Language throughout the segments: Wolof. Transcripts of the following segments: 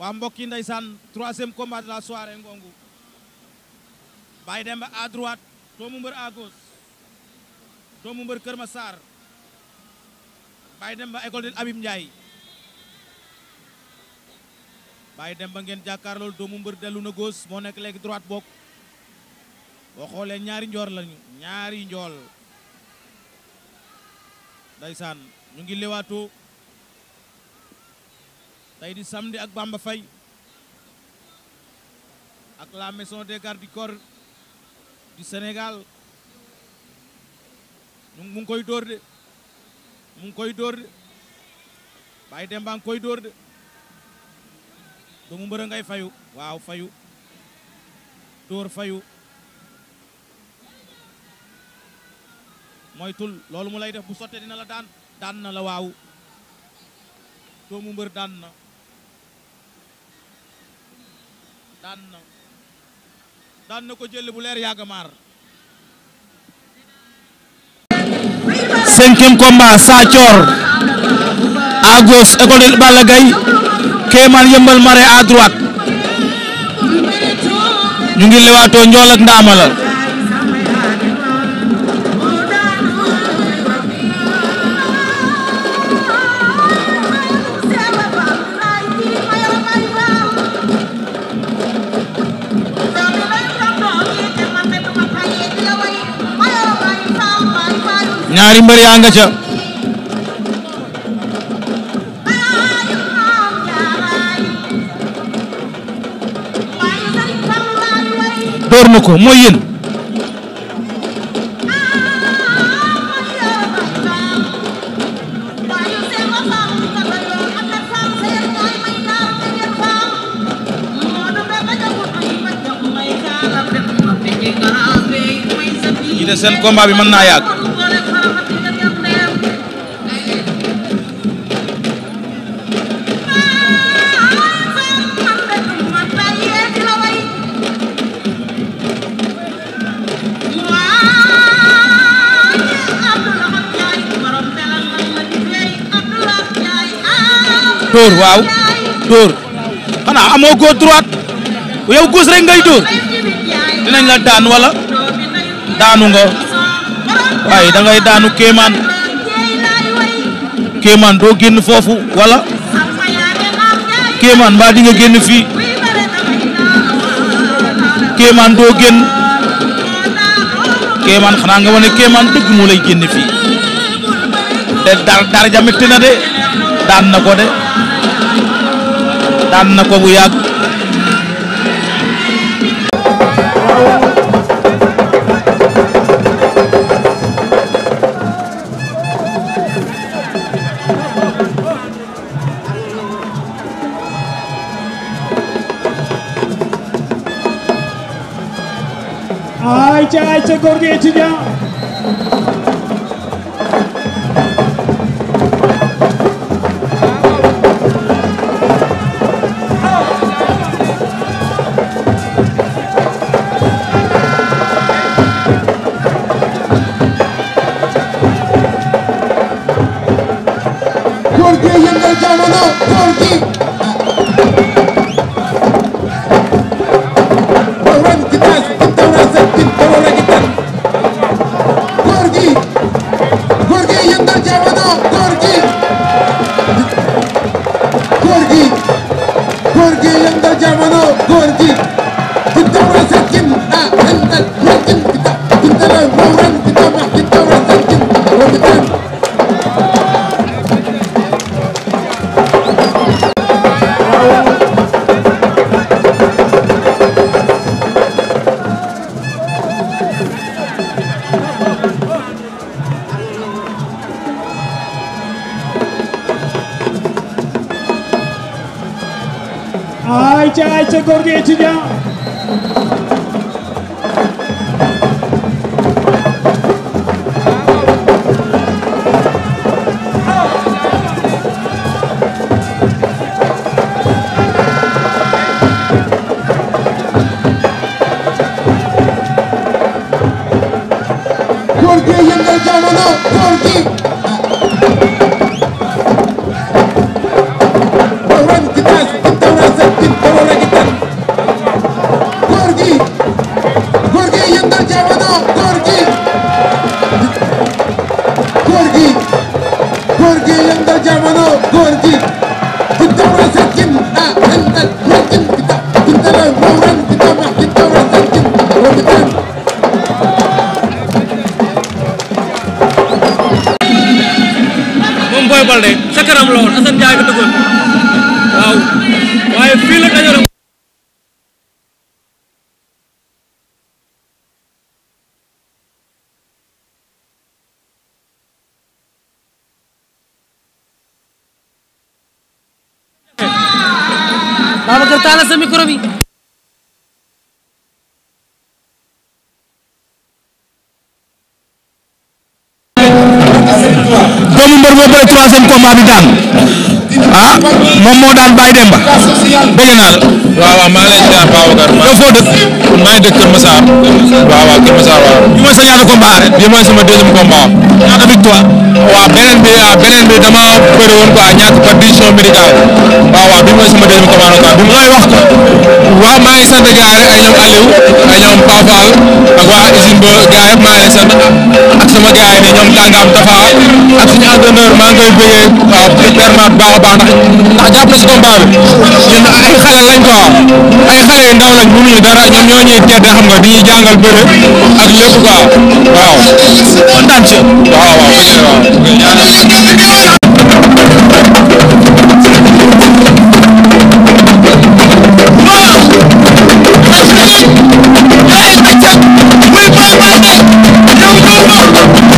waa mbokk yi ndeysaan troisième combat de la soirée ngongu Baye Demba à droite doomu mbër à gauche doomu mbër Kër Massar Baye Demba école de Abib Ndiaye Baye Demba ngeen jàkkaarlool doomu mbër dellu na gauche moo nekk léegi droite bokk boo xoolee ñaari njoor lañu ñaari njool ndeysaan ñu ngi lewaatoo tey di samedi ak Bamba Faye ak la maison de gardes du corps du Sénégal mu ngi koy dóor de mu koy dóor de Baye Demba ngi koy dóor de doomu mbër ngay fayu waaw fayu dóor fayu moytul loolu mu lay def bu sottee dina la daan daan na la waaw doomu mbër daan na daan na daan na ko jël bu leer yàgg maar. cinquième combat Sa école de Balla Gaye Kéemaan mare à droite ñu ngi lewaatoo njool ak ñaari mbër yaa nga ca door na ko mooy yéen ñi de seen combat bi mën naa yàgg dóor waaw dóor xanaa amoo góor droite yow góos rek ngay dóor dinañ la daan wala daanu nga waaye dangay daanu kéemaan kéemaan doo génn foofu wala kéemaan mbaa di nga génn fii kéemaan doo génn kéemaan xanaa nga wane kéemaan dëgg moo lay génn fii te dar dar na de daan na ko de daan na ko bu yàgg ay Babacar taalal sa micro bi. doomu mbër boo bëree troisième combat bi daan. ah moom moo daan Baye Demba. bëgg naa la. waaw waaw maa ngi lay ziar Babacar. yow foo dëkk. maa ngi dëkk Kër Massar. waaw waaw Kër Massar waaw. bi mooy sa ñaata combat ren. bi mooy sama deuxième combat. ñaata victoire. waaw beneen bi ah beneen bi dama péré woon quoi ñaata par décision médicale. waaw waaw bi mooy sama deuxième combat nag bi looy wax ko. waaw maa ngi sant gars yi rek ay ñoom Aliou ay ñoom Paa Fall ak waa usine ba gars yëpp maa ngi lay sant ak sama gars yi ne ñoom Tangam Tafa ak suñu entraîneur maa ngi koy bëggee waaw vraiment baax a baax waaw ndax a jàpp na ci combat bi ñun ndaw lañ mënuñu dara ñoom ñoo ñuy tedd xam nga di jàngal bëre ak lépp quoi waaw. kontaan ci waaw waaw bëgg waaw. Oh,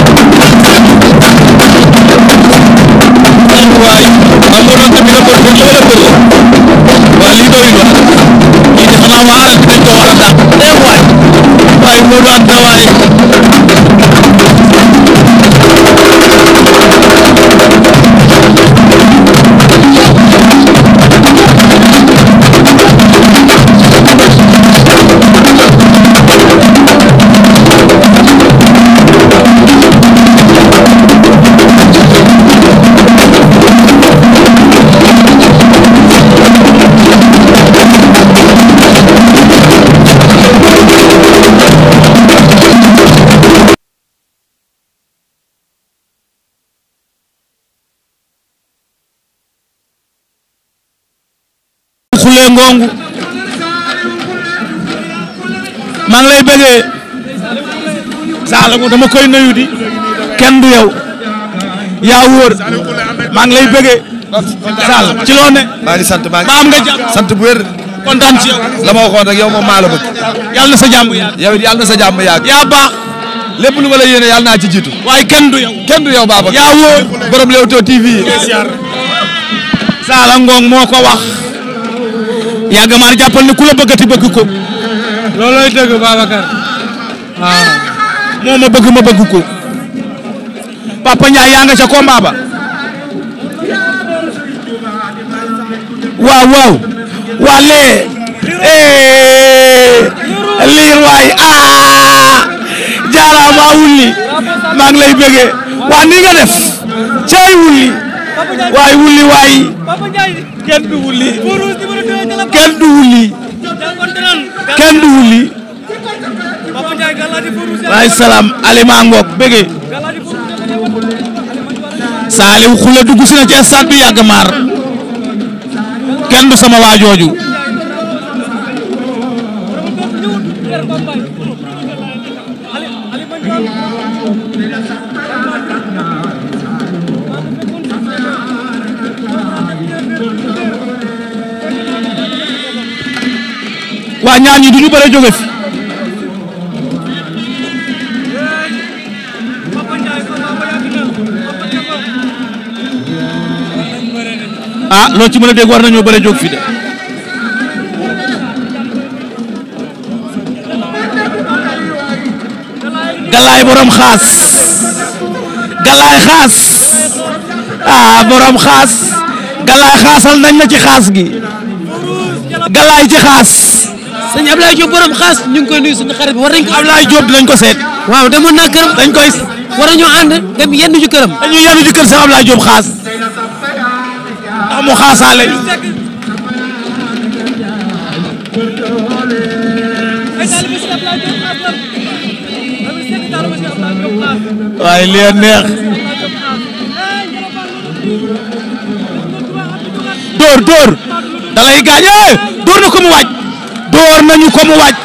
nangu maa ngi lay bëggee Saliou dama koy nuyu di kenn du yow yaa wóor maa ngi lay bëggee Sall ci loo ne. maa ngi sant maa nga sant bu wér. kontaan ci yow. la ma waxoon rek yow moom maa la bëgg. yàlla na sa jàmm yàgg. yow it yàlla na yaa baax. lépp lu ma la yéene naa ci jiitu. waaye kenn du yow. kenn du yow Babacar. yaa wóor borom Leewtoo TV. moo ko wax. yàgg maar jàppal ne ku la bëggati bëgg ko. loolooy dëgg Babacar waaw. moo ma bëgg Papa Ndiaye yaa ca combat ba. waaw waaw. waa eh. liir waay ah. jaaraama wulli. maa lay bëggee. waa ni def. cay wulli. waay wulli waay. kenn du wuli kenn du wuli waaye salaam alima ngoog bëgge Saliou Khoule dugg si na ci stade bi kenn du sama waajooju combat ñaar ñi duñu bëre jóge fi ah, loo ci mën a dégg war nañoo bëre jóg fi de galaay borom xaas galaay xaas ah nañ la ci xaas gi galaay ci xaas sëñ Ablaye Diop borom xaas ñu ngi koy nuyu suñu xarit bi war nañ ko. seet. waaw demoon naa këram. dañ koy war nañoo ànd dem yenn ju këram. dañuy yenn ju kër sëñ Ablaye Diop xaas. ndax mu xaasaale. door door. da lay gaañ door na ko mu waaj. door nañu ko mu waaj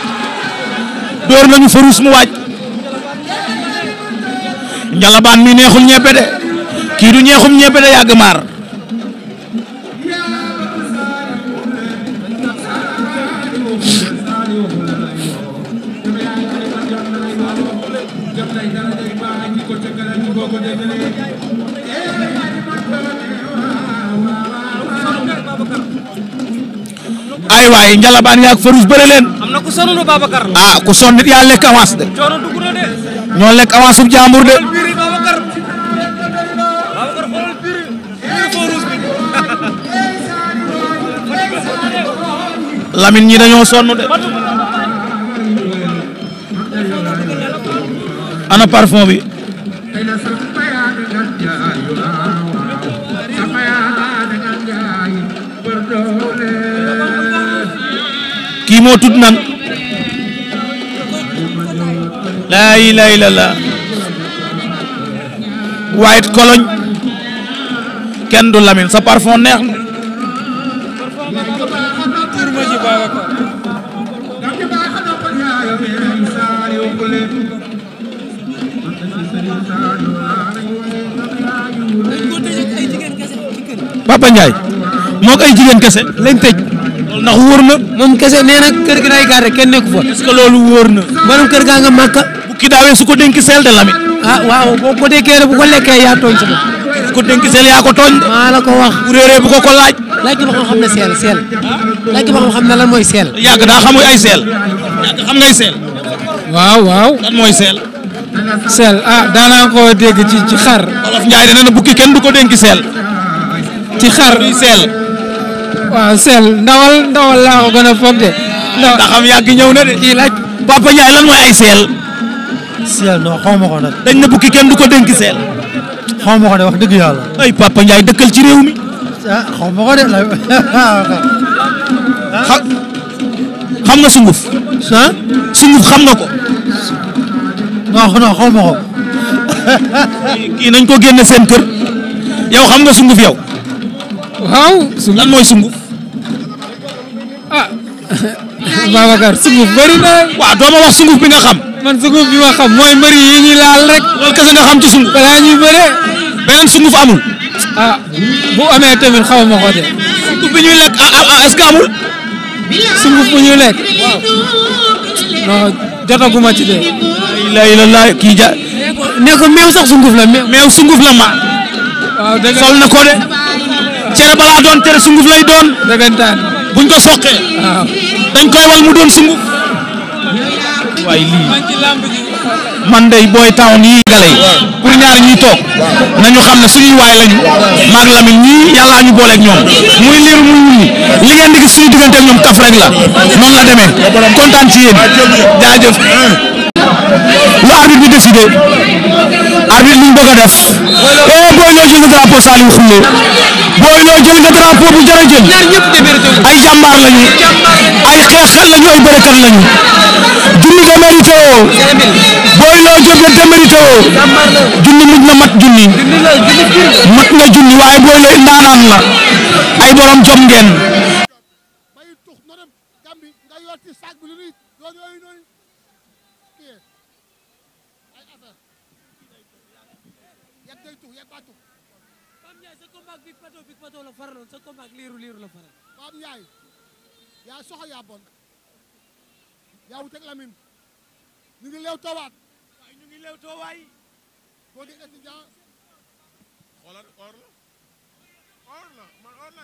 door nañu Farouz mu waaj njalabaan mi neexul ñebe de kii du ñeexum ñebe de yàgg maar ay waay njalabaan yaag Farouz bëre leen. am na ku ah, sonn yaa lekk avance de. ñoo lekk avance bu jàmbur de. Lamine ñi dañoo sonn de. ana parfum bi. kii moo tudd nan laa ilaaha illallaah white cologne kenn du Lamine sa parfum neex na Papa Ndiaye moo jigéen kese lañ tëj ndax wóor na. moom kese nee na kër gi day gàdde kenn nekku fa. est-ce loolu wóor na. borom kër gaa nga màkka. bu ki daawee su ko dénki seel de lamit. ah waaw boo ko dénkee bu ko lekkee yaa tooñ si ko. su ko dénki seel maa la ko wax. bu réeree ko laaj. laaj ba xam ne seel seel. laaj ba xam na lan mooy seel. yàgg daa xamuy ay seel. xam ngay seel. waaw waaw. lan mooy seel. seel ah daanaa ko dégg ci ci xar. Wolof Njaay dina ne bukki kenn du ko dénki seel. ci xar seel. waaw sel ndawal ndawal laa ko gën a foog de. ndax am yàgg ñëw na de. kii laaj Papa lan mooy ay seel. seel non xaw ma ko nag. dañ na bukki kenn du ko dénk seel. xaw ma ko de wax dëgg yàlla. ay Papa Ndiaye ci réew ah, xaw ma ko de xam nga sunguf. sunguf xam na ko. non non xaw ko. kii nañ ko génne seen kër. yow xam nga sunguf yow. waaw lan mooy sunguf. Babacar sunguf bëri na. waaw doo ma wax sunguf bi nga xam. man xam mooy mbëri yi ñuy laal rek. loolu kese nga xam ci sunguf. balaa ñuy bëree. beneen sunguf amul. ah bu amee tamit xaw ma ko de. sunguf bi ñuy lekk ah, ah, ah, est-ce que amul. sunguf bu ñuy lekk. waaw. non jotaguma ci de. la ilaha illallah ja. ne ko meew sax sunguf la meew. meew sunguf la ma. waaw dëgg sol na ko de. cere balaa doon tere sunguf lay doon. dëggantaan buñ ko soqee. dañ koy wal mu doon sungu waaye lii man day booy town yi gale yi pour ñaar ñuy toog nañu xam ne suñuy waay lañu maag Lamine ñii yàllaa ñu booleeg ñoom muy liir muy wulli li ngeen di gis suñu digganteeg ñoom kaf rek la noonu la demee kontaan ci yéen jaajëf lu arbitre bi décidé arbitre liñ bëgg a def eh booy ñoo jël nga drapeau Saliou Khoule booy ñoo jël nga drapeau bu jar ay jàmbaar lañu ay xeexkat lañu ay bërekat lañu junni nga mérité booy loo jóg nga mérité junni mujj na mat junni mat nga junni waaye booy loo ndaanaan la ay borom jom ngeen Pape Ndiaye sa combat bi la yaa soxo yaa bon yaa wut ak Lamine ñu ngi leew toowaat ñu ngi leew toowaay boo dee étudiant xoolal or la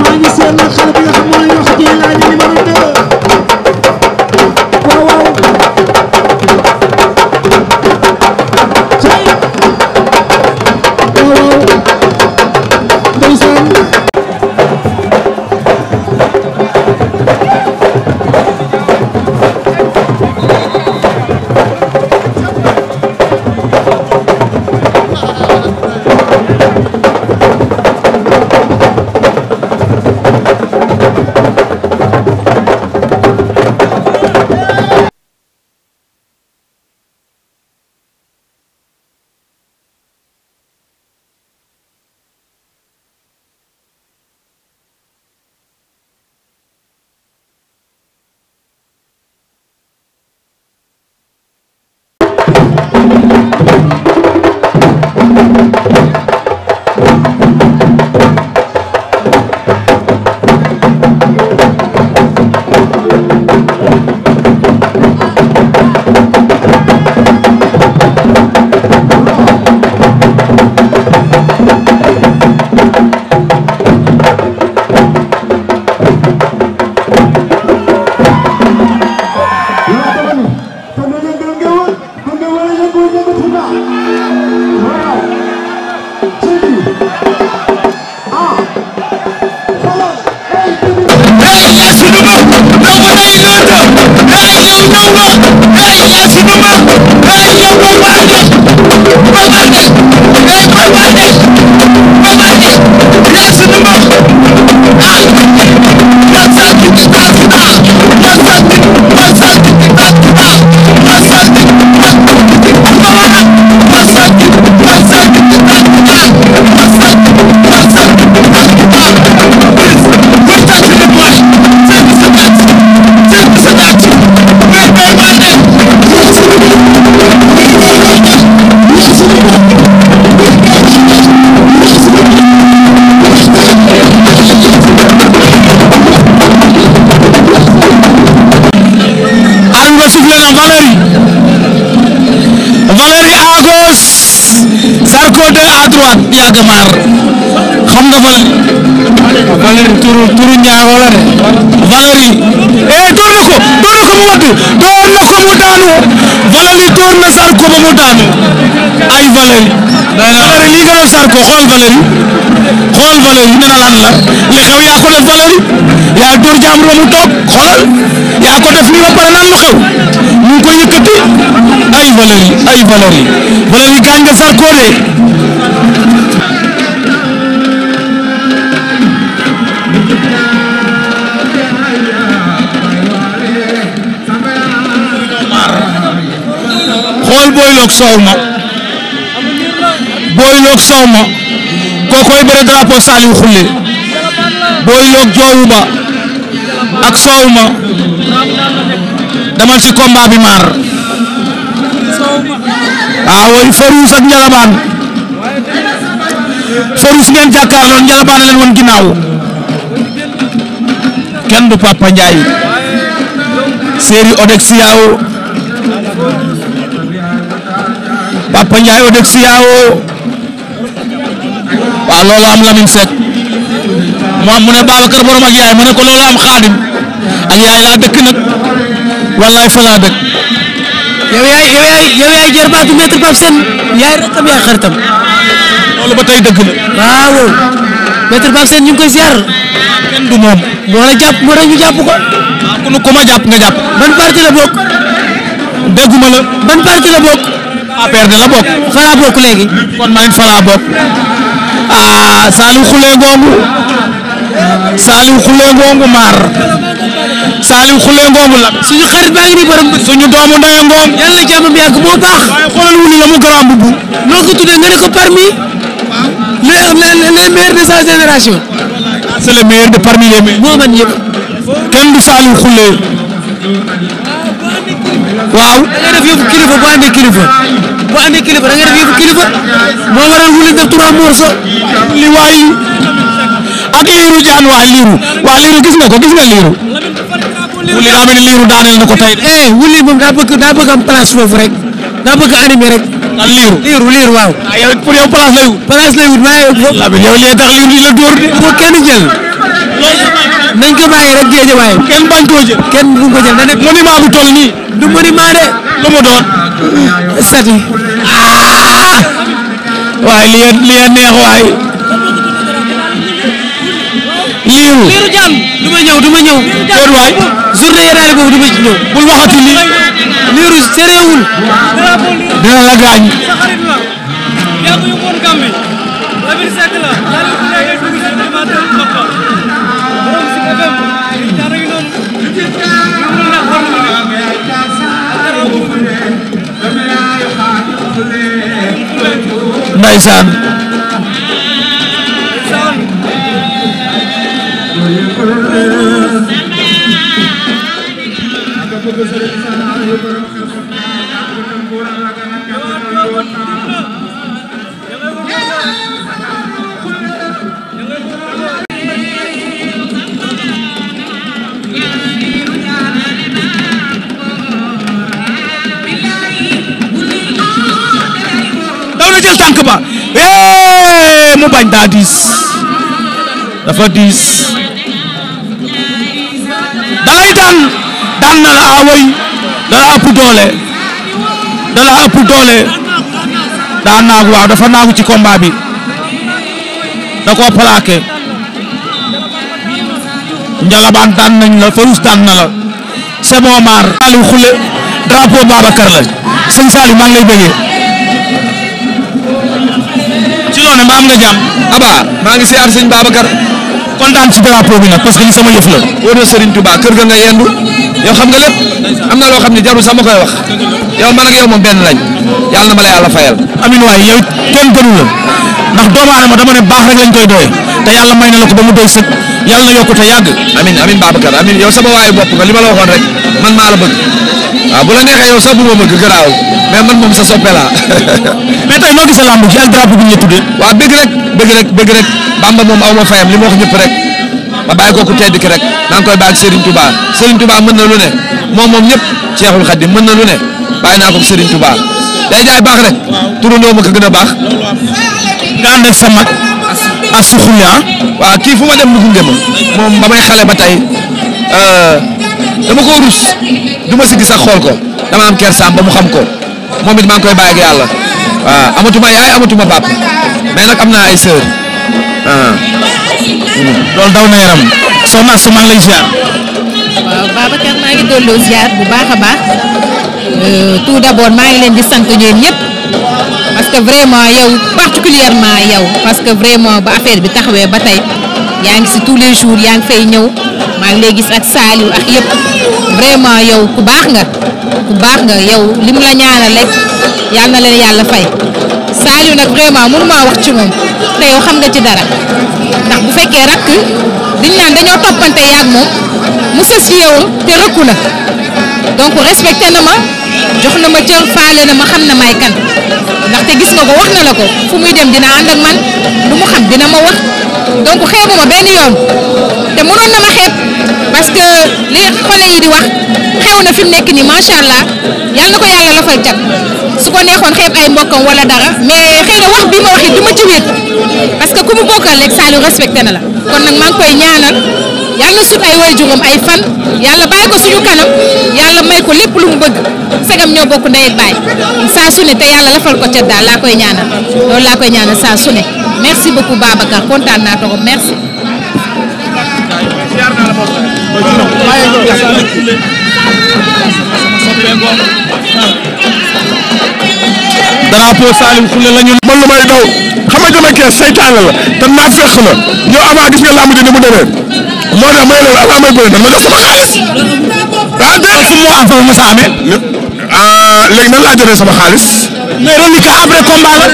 maa ngi seen nag xale bi nga xam moo leen wax ci laaj Zarko 2 à droite Yagamar xam nga ma ne. Valère turu turu Ndiago la de. Valère yi. eh na ko door mu wadd door na ko mu na Sarko ba mu ay Valère. Valère lii nga doon Sarko xool Valère. xool Valère yi na lan la li xew yaa ko def Valère door jàmbur ba mu toog xoolal yaa ko def nii ba lu xew mu ngi koy yëkkati ay Valère ay Valère Valère gaañ nga Sarko de. booyloog soow ma booyloog soow ma kookoy bëre drapeau Saliou Khoulé booyloog joowu ba ak soow ma demal ci combat bi maar waawoy ah ak Njalabaan Farouz ngeen jàkkaarloon Njalabaan leen woon ginnaaw kenn du Papa Ndiaye séeri Odexia Papa Ndiaye Odex Siao waaw loolu am Lamine Seck moom mu ne Babacar borom ak yaay mu ne ko loolu am xaadim ak yaay laa dëkk nag wallaay fa laa dëkk. yow yaay yow yaay jarbaatu maître Pape Sène yaay rakkam yaay xaritam. loolu ba tey dëgg waaw maître Pape Sène ñu ngi koy ziar. kenn moom. moo la jàpp moo la ñu jàpp ko. ma jàpp nga jàpp. ban parti la bokk. dégguma la. ban parti la bokk. APR bokk. fa laa bokk léegi. kon man it fa laa bokk. ah Saliou Khoulé suñu xarit baa ngi nii borom. suñu doomu ndoye Ngom. yàlla na bi yàgg moo tax. waaye xoolal wu ñu la mu grand bubu. noo ko tuddee nga ne ko parmi. les les meilleurs de sa génération. ah c'est le de parmi les meilleurs. moo man yëpp. kenn du Saliou Khoulé. waaw da nga def yëpp kilifa boo amee kilifa da nga def yëfu kilifa moo waral liiru jaan waay gis nga ko gis nga liiru. wuli daa mel liiru daaneel na ko tey de. Eh, wuli daa bëgg daa bëgg foofu rek daa bëgg animé rek. liiru liiru liiru waaw. ah yow pour yow place lay wut. place liiru di la dóor de. kenn jël. nañ ko bàyyi rek géej waaye. kenn bañ koo kenn bu ko jël da nekk monument bu toll nii. du monument de. lu mu doon. sati waay li liya neex waay liiru liiru jàmm du ma ñëw du ma ñëw déet waay journée yéraale boobu du ma ci ñëw bul waxati lii liiru séréewul dina la gaañ ndeysaan ndeysaan mu bañ daa diis dafa diis dalay daan daan na la awoy dala ëpp doole naagu waaw dafa naagu ci combat bi da njalabaan daan nañ la Farouz daan na la c'est bon maar Aliou Khoule drapeau Babacar la sëñ Saliou maa ngi lay bëggee noo ne mbaa na nga jàmm. Aba maa ngi siyaar sëñ Babacar. kontaan ci drapeau bi nag parce que li sama yëf la. wóor na Serigne Touba kër ga nga yendu yow xam nga lépp am na loo xam ne jaru sax ma koy wax yow ma ak yow moom benn lañ yàlla na ma la yàlla fayal. amin waay yow kenn gënu la ndax doomu aadama dama ne baax rek lañ koy doy te yàlla may na la ko ba mu doy sëg yàlla na yokkute yàgg. amin amin Babacar yow sama waayu bopp nga li ma la waxoon rek man maa la bëgg. waaw ah, bu la neexee yow sax bu ma bëgg garaaw mais man moom sa soppe laa. mais tey noo gisee lamb ci al drapeau bi ñu tuddee. waaw bëgg rek bëgg rek Bamba moom aw ma fayam li ma wax rek ba bàyyi ko ku tedd ki rek naa ngi koy bàyyi ak Serigne Touba mën na lu ne moom moom ñëpp Cheikhul Khadim mën na lu ne bàyyi naa ko ak Serigne Touba day jaay baax rek turandoo ma ko gën a baax. nga ànd ak sa mag. as su xumee waaw kii fu ma dem lu ma moom ba may xale ba tey. Euh, dama ko rus duma si gis ak xool ko dama am kersaam ba mu xam ko moom it maa ngi koy bàyyi ak yàlla waaw amatuma yaay amatuma papa mais nag am naa ay sœur ah. hmm. loolu daw na yaram soxna su maa ngi lay ziar. waaw Babacar maa ngi delloo ziar bu baax a baax euh, tout d'abord maa ngi leen di sant ñoom ñëpp parce que vraiment yow particulièrement yow parce que vraiment ba affaire bi taxawee ba tey yaa ngi si tous les jours yaa ngi fay ñëw. ngi lay gis ak Saliou ak yëpp vraiment yow ku baax nga ku baax nga yow lim la ñaanal rek yal na leen yàlla fay Saliou nag vraiment mënuma wax ci moom te yow xam nga ci dara ndax bu fekkee rakk diñ naan dañoo toppante yàgg moom mu sës ci yow te rëkku la donc respecté na ma jox na ma cër faale na ma xam na may kan ndaxte gis nga ko wax na la ko fu muy dem dina ànd ak man lu mu xam dina ma wax donc xeebuma benn yoon te mënoon na ma xeeb parce que li xale yi di wax xew na fi mu nekk nii macha allah yal na ko yàlla lafal cat su ko neexoon xeeb ay mbokkam wala dara mais xëy na wax bi ma wax it du parce que ku mu bokkal rek Saliou respecté na la kon nag maa ngi koy ñaanal yàlla na sut ay waajuram ay fan yàlla bàyyi ko suñu kanam yàlla may ko lépp lu mu bëgg segam ñoo bokk ndey ak baay saa su ne te yàlla lafal ko cat daal laa koy ñaanal loolu laa koy ñaanal saa su merci beaucoup Babacar kontaan naa trop drapeau Salim Khoule la ñu. man lu may daw xam nga jëmee kees saytaane la te naa fex la yow avant gis nga làmb ji ni mu demee moo tax may leen avant may bëri nan ma jox sama xaalis. ah déedéet su ma amee. léegi nan laa jëlee sama xaalis. mais reliquat après combat la.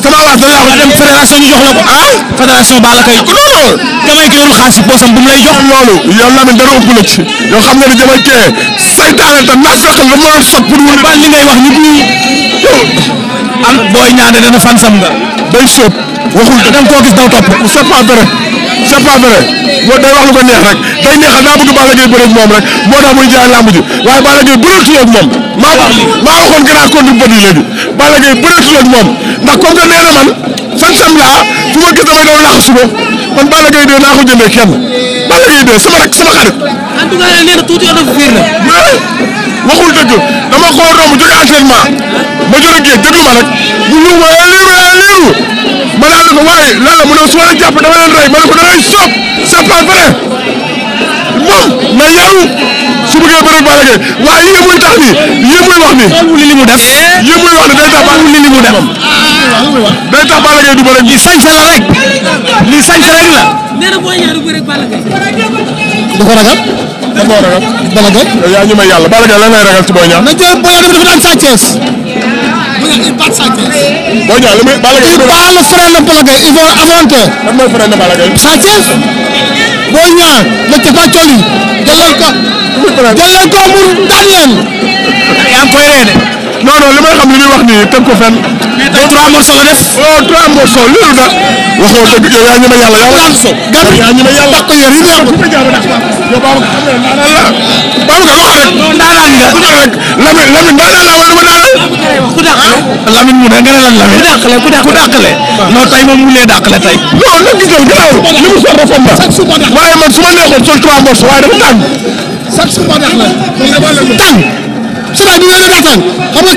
sama avance da nga dem fédération ñu jox la ko ah. fédération Balla Gaye ko lool. damay bu mu lay jox. loolu yow Lamine dara ëpp la ci. yow xam nga ni damay kee saytaane te naa fekkal la mën a sot pour wër. li ngay wax nit ñi am booy ñaane dana fan sam nga. day sóob waxul da nga koo gis daw topp. c'est pas vrai c'est pas vrai boo day wax lu ko neex rek day neexal daa bëgg Balla Gaye bëreeg moom rek moo tax muy jaay làmb ji waaye Balla Gaye bëreetul ak moom. Balla Gaye bëreetul ak moom ndax comme que nee man fan sam laa fu ma gis damay doon laax suba man Balla Gaye dee naa ko jëndee kenn Balla Gaye dee sama rek sama xarit. en tout cas nee na tuuti yoon na fiir na. waxul dëgg dama ko romb jóge entraînement ma jóge géej déglu ma rek mu ñëw ma liiru yaa ma daal di ko waaye la mu ne su ma la jàpp dama leen ma ne ko da ngay moom na yow su bëggee bëri Balla Gaye waaye lii muy tax ni lii muy wax ni xamul li mu def lii muy wax ni day tax Balla Gaye li mu def day tax Balla Gaye du bëri li sañse la rek li sañse rek la nee na Boy Niang du bëri Balla Gaye da ko ragal da ko ragal Balla Gaye yaa ñu may yàlla Balla Gaye lan lay ragal ci Boy Niang na jël Boy Niang dafa daan Sa Thiès Boy Niang li muy Balla Gaye il bat le frère de Balla Gaye il va avanter kan mooy frère de Balla Gaye Sa Thiès Boy Niang le Tefacoli jëlal ko jëlal ko mu daan leen. Eh, yaa ngi koy reede. non non li may xam li muy wax nii teg ko fenn. mais tey trois morceaux la def. oh trois morceaux loolu nag. waxoo dëgg yow yaa ñu ne yaa ñu ne yàlla. gàtt yaa yow Babacar xam nga ne daanaka Babacar wax rek. non daanaka nga ku ñëw rek Lamine Lamine daanaka la wala ma daanaka. ku dàqale ah, Lamine mu ne nga ne lan Lamine. ku dàqale ku dàqale ku dàqale. non tey moom mu ngi lay dàqale tey. non nag gis nga gannaaw li mu soxla foofu la. waaye man su ma neexoon sol trois morceaux waaye dafa tàng. chaque jour ma dàqale. tàng su ma ñu ne la tàng xam nga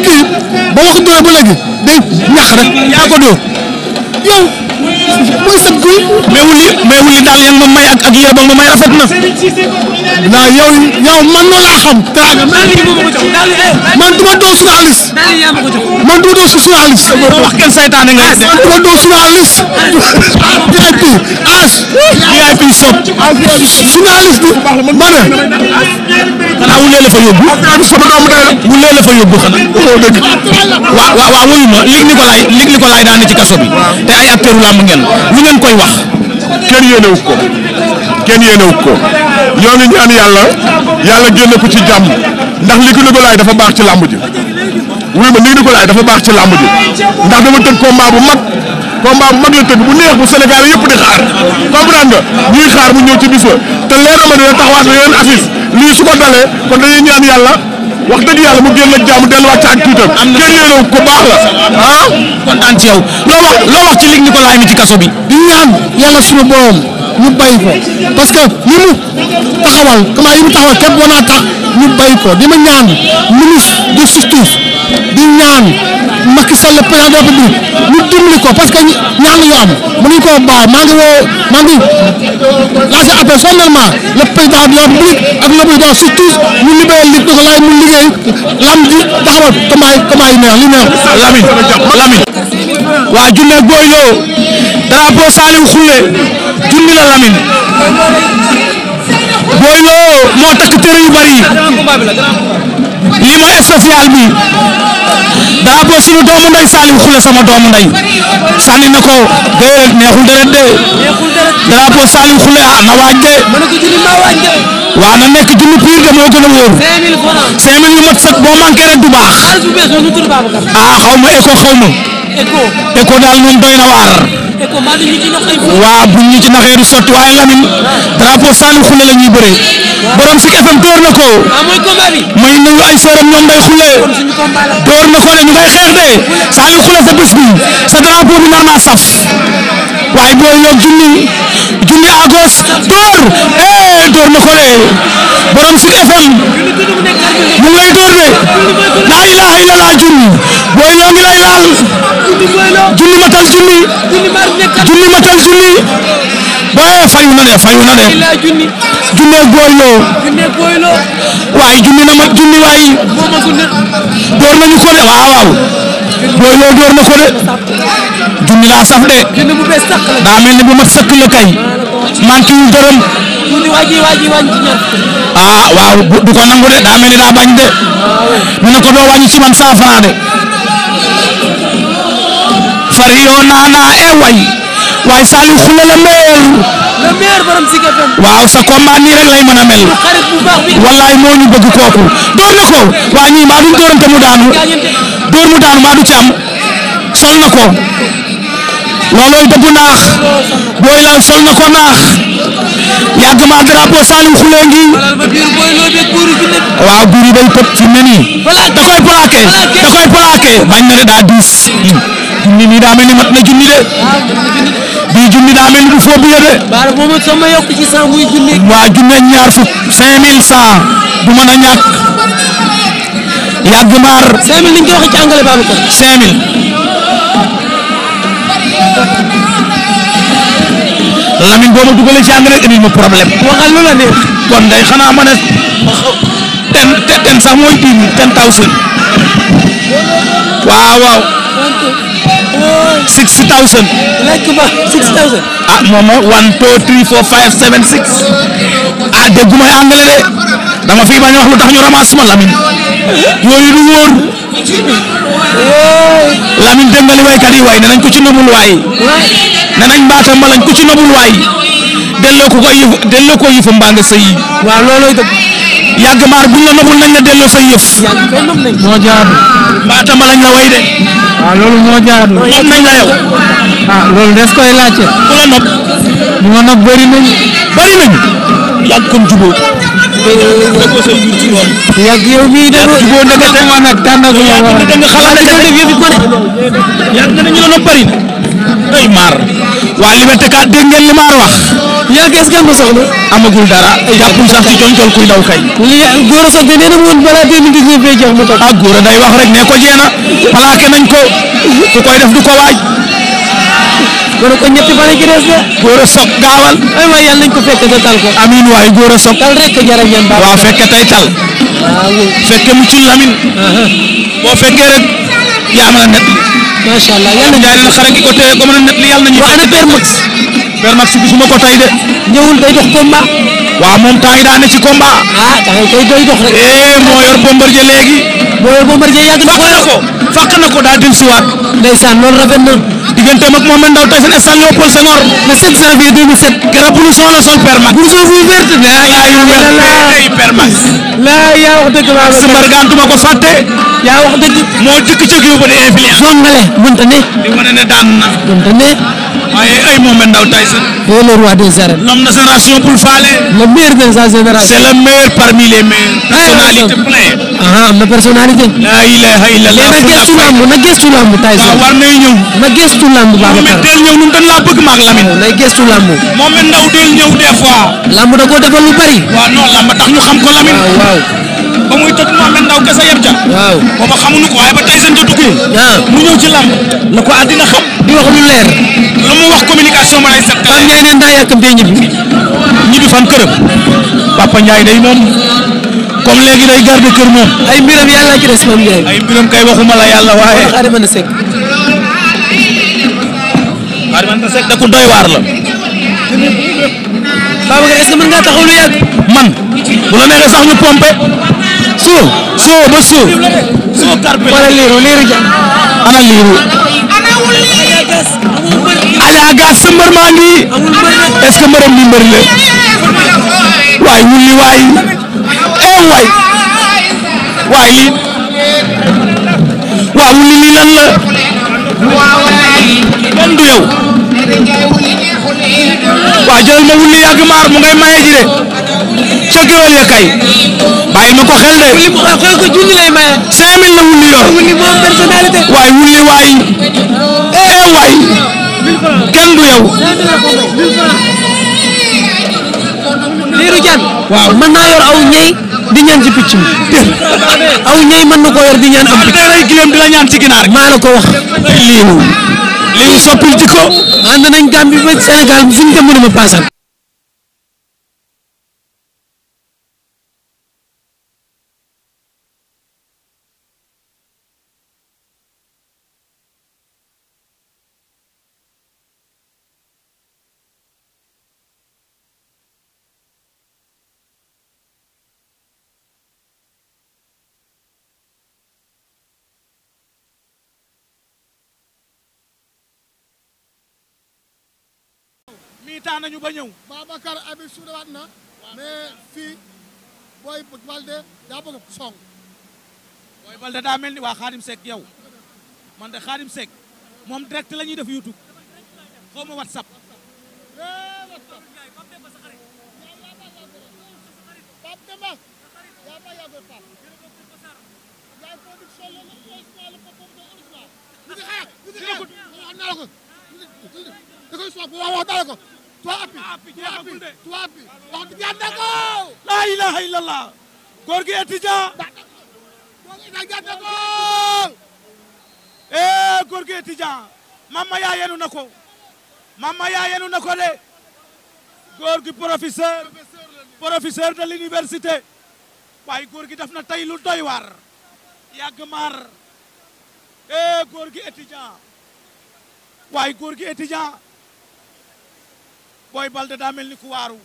kii ba ma ko dóoree ba léegi day ñax rek yaa ko dóor yow. mooy sëb guy. mais wuli mais wuli daal yéen ma may ak ak ma may rafet na. naa yow yow man noo laa xam. teraanga eh. man lii moom ko jox man du ma doon journaliste. daal yaa ma ko ma doon journaliste. wax nga. man du ma doon journaliste. VIP as. VIP sob. journaliste bi ma ne. xanaa wulee la fa yóbbu. wulee la fa yóbbu xanaa. waaw waaw waaw wuyu ma léegi Nicolas léegi Nicolas ci kaso bi. te ay acteurs lamb ngeen. mu ngeen koy wax. kenn yéenewu ko kenn yéenewu ko ñoo ngi ñaan yàlla yàlla génne ko ci jàmm ndax li ko Nicolaay dafa baax ci làmb ji wuy ma li Nicolaay dafa baax ci làmb ji ndax dama tëgg combat bu mag combat bu mag la tëgg bu neex bu Sénégal yëpp di xaar comprendre nga ñuy xaar mu ñëw ci bis ba te leer na ma dina taxawaat na yeneen affiche lii su ko dalee kon dañuy ñaan yàlla. wax dëgg yàlla mu génn ak jàmm delluwaat ci ak tuutam. am na solo ku baax la ah. ci yow ah? loo wax ci kaso bi. di ñaan yàlla suñu borom. ñu bàyyi ko parce que li mu taxawal comment yi mu taxawal képp war naa ñu bàyyi ko di ma ñaan ministre de justice di ñaan Macky Sall le président de la République ñu dimbali ko parce que ñaan yu am mënuñ koo bàyyi maa ngi woo maa ngi lancé appel le président la République ak le président surtout ñu libéré li ko laaj mu liggéey lam ji taxawal comment comment yi neex li neex. Lamine waa Junne Boy drapeau Saliou Khoule junni la Lamine Boy moo takk téere yu bari yi lima spécial bi drapeau suñu doomu ndey Saliou sama doomu ndey na ko déedéet neexul deret de drapeau Saliou Khoule ah na waaj de waa na nekk junni piir de moo gën a wóor 5000 mat sëkk boo manqué du baax ah xaw ma écho xaw daal moom doy na waar waa bu ñu ci naxee du sotti waaye Lamine drapeau Saliou Khoulé la ñuy bëree borom Sik FM door na ko ah, may nuyu ay sëram ñoom day Khoulé door na ko de ñu ngay xeex de Saliou Khoulé sa bés bi sa drapeau bi nar naa saf. waaye booy ñoom junni junni agos door eh door na ko de borom Sud FM mu ngi lay door de laa ilaaha illallah junni booy ñoo junni junni junni matal junni booy fayu na de fayu na de. junne booy loo. junne waaye junne na ma junne waaye. door nañu ko de waaw waaw. booy loo door na ko de. junne laa saf de. daa mel ni bu mat sëkk la kay. manquewul dërëm. ah waaw du ko nangu de daa ni daa bañ de. mu ah, ne ko doo wàññi ci man cent franc de. far yoo naa naa e way meer. le meilleur borom Zik FM. waaw sa combat nii rek lay mën a mel. xarit bu baax bi wallaay moo ñu bëgg kooku. door na ko waa ñii maa duñ dóorante mu daanu. dóor mu daanu maa du ci am. sol na ko. loolooy dëggu naax. booy law sol na ko naax. yàgg maa drapeau Saliou Khoulé ngi. waaw buur day pët fi nii. da koy plaqué da koy plaqué. na ne daa diis. junni nii daa mel ni mat na junni de. bii junni daa mel bu foofu yëre. baara moom it sama yokk ci cent muy junni. waa junne ñaar fukk cinq mille cent du mën a ñàkk yàgg maar. cinq mille ni ñu koy waxee ci anglais Babacar. cinq mille. Lamine boo ma dugalee ci anglais indil ma problème. waxal xanaa ma ne. ten ten sax mooy ten six thousand. lekk ba six thousand. ah moom mooy one two three four ah, de dama fi bañ wax lu tax ñu ramasse ma Lamine. yooyu du wóor. Lamine dégg nga li waykat yi waay nenañ ko ci nëbul waay. nenañ mbaata mbalañ ko ci nëbul waay. delloo ko ko yëf delloo ko yàgg maar bu la nobul nañ la delloo sa yëf. moo jaadu. mbaatama lañ la way de. waaw loolu moo jaadu. nopp nañ la yow. ah loolu def koy laajte. ku la nopp. ñu ma nopp bëri nañu. bëri nañu. yàgg kon jubóo. yàgg yow mii de. jubóo ndekete ma nag tànnagu la wala. yàgg xalaat nga def yëf ko de. yàgg nga ne nopp bëri. ay maar. waa Liberté 4 dégg ngeen li maar wax. yaa kees kenn du soxla. amagul dara jàppul sax ci coñcool kuy daw kay. góor a soog a nee na woon balaa 2019 bee jeex mu toog. ah góor a day wax rek ne ko jeena plaqué nañ ko ku koy def du ko waaj. góor a ko ñetti fan yi ci des de. a soog gaawal. aywa nañ ko fekk te tal ko. amiin waay góor a soog. tal rek a a yéen baax. waaw fekk tey tal. fekke mu ci lamin. boo fekkee rek yaa mën a net. macha allah na xarañ ki ko téye ko mën a net li yàlla nañu. waaw ana Père Max. Bermax gisuma ko tay de. ñëwul day dox combat. waaw moom temps yi daa ne ci combat. ah dangay koy doy dox rek. Eh, moo yor Bombardier léegi. moo yàgg na ko fàq na ko fàq na ko daal di suwaat. ndeysaan loolu rafet na. digganteem ak moom ndaw tey seen stade Léopold Senghor. le sol Bermax. blouson bu verte. lay yaa wax dëgg laa. su mbargaan ko fàtte. yaa wax dëgg. moo jëkk-jëkk yu ba di influence. zone waaye ay Mohamed Ndao Tyson. et le roi des arènes. l'homme de sa nation pour faale. le meilleur de sa génération. c'est le meilleur parmi les meilleurs. Ah, ah, personnalité plein. ah, ah na personnalité. la ilaha illallah. mais na gëstu lamb na gëstu na gëstu lamb baax na. Mohamed del ñëw ñun laa bëgg maag Lamine. waaw oh, na gëstu lamb. Mohamed Ndao del ñëw des fois. koo defal lu bari. waaw non lamb tax ñu xam ko Lamine. ba muy toj Mohamed Ndaw kese yem ca. waaw booba xamuñu ko waaye ba tey seen dëkk mu ñëw ci lamb. la ko àddina xam. di wax lu leer. lu mu wax communication ma lay set. Pape Ndiaye nee naa yàkkamtee ñibbi. ñibbi fan këram. Papa Ndiaye day moom. comme léegi day garde kër moom. ay mbiram yàlla ci des moom Ndiaye. ay mbiram kay waxuma la yàlla waaye. wax Adama na Seck. Adama na Seck da ku doy waar la. Babacar est-ce que mën ngaa taxaw lu yàgg. man bu la neexee sax ñu pompe. soo soo ba soo. soo carpé wala liiru liiru jàng. ana liiru. Aliou Agass sa mbër maa ngi. est ce que mbëram bi mbër la. waay wulli waay. eh waay. waay lii. waaw wulli lii lan la. moom du yow. waaw jëlal ma wulli mu ngay maye ji ca géwél ya kay bàyyi na ko xel de. wuli mu xel la wuli yor. wuli moom personnalité. waay wuli waay. eh waay. kenn du yow. liiru jan waaw mën naa yor aw ñey di ñaan ci picc mi. aw ñey mën na koo yor di ñaan am picc. di la ci ginaar. maa la ko wax. liiru. liiru soppil jikko. ànd nañ Gambie ba Sénégal fi ñu dem mënuma xiitaa nañu ba ñëw Babacar abi suudawaat na mais fii balde daa bëgg song booy balde daa mel ni waa Xaadim Seck yow man de Xaadim Seck moom direct la ñuy def YouTube xaw ma whatsapp da koy trois appuis laa ilaha illallah góor gi étudiant ee eh, góor gi étudiant mama yaa yenu na ko mama yaa yenu na ko de góor gi professeur professeur de l'université waaye góor gi daf na tey lu doy ee eh, góor gi étudiant waaye góor gi Boy Balde daa mel ni ku waaru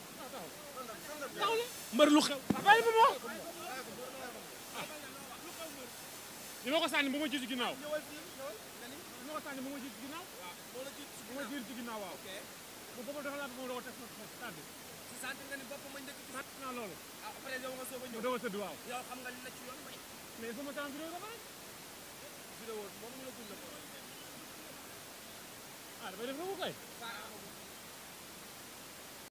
mbër lu xew bàyyi ba ma li ginnaaw li ma ko sànni ba ma ci sant naa loolu ah, après yow nga soog a ñëw mais il faut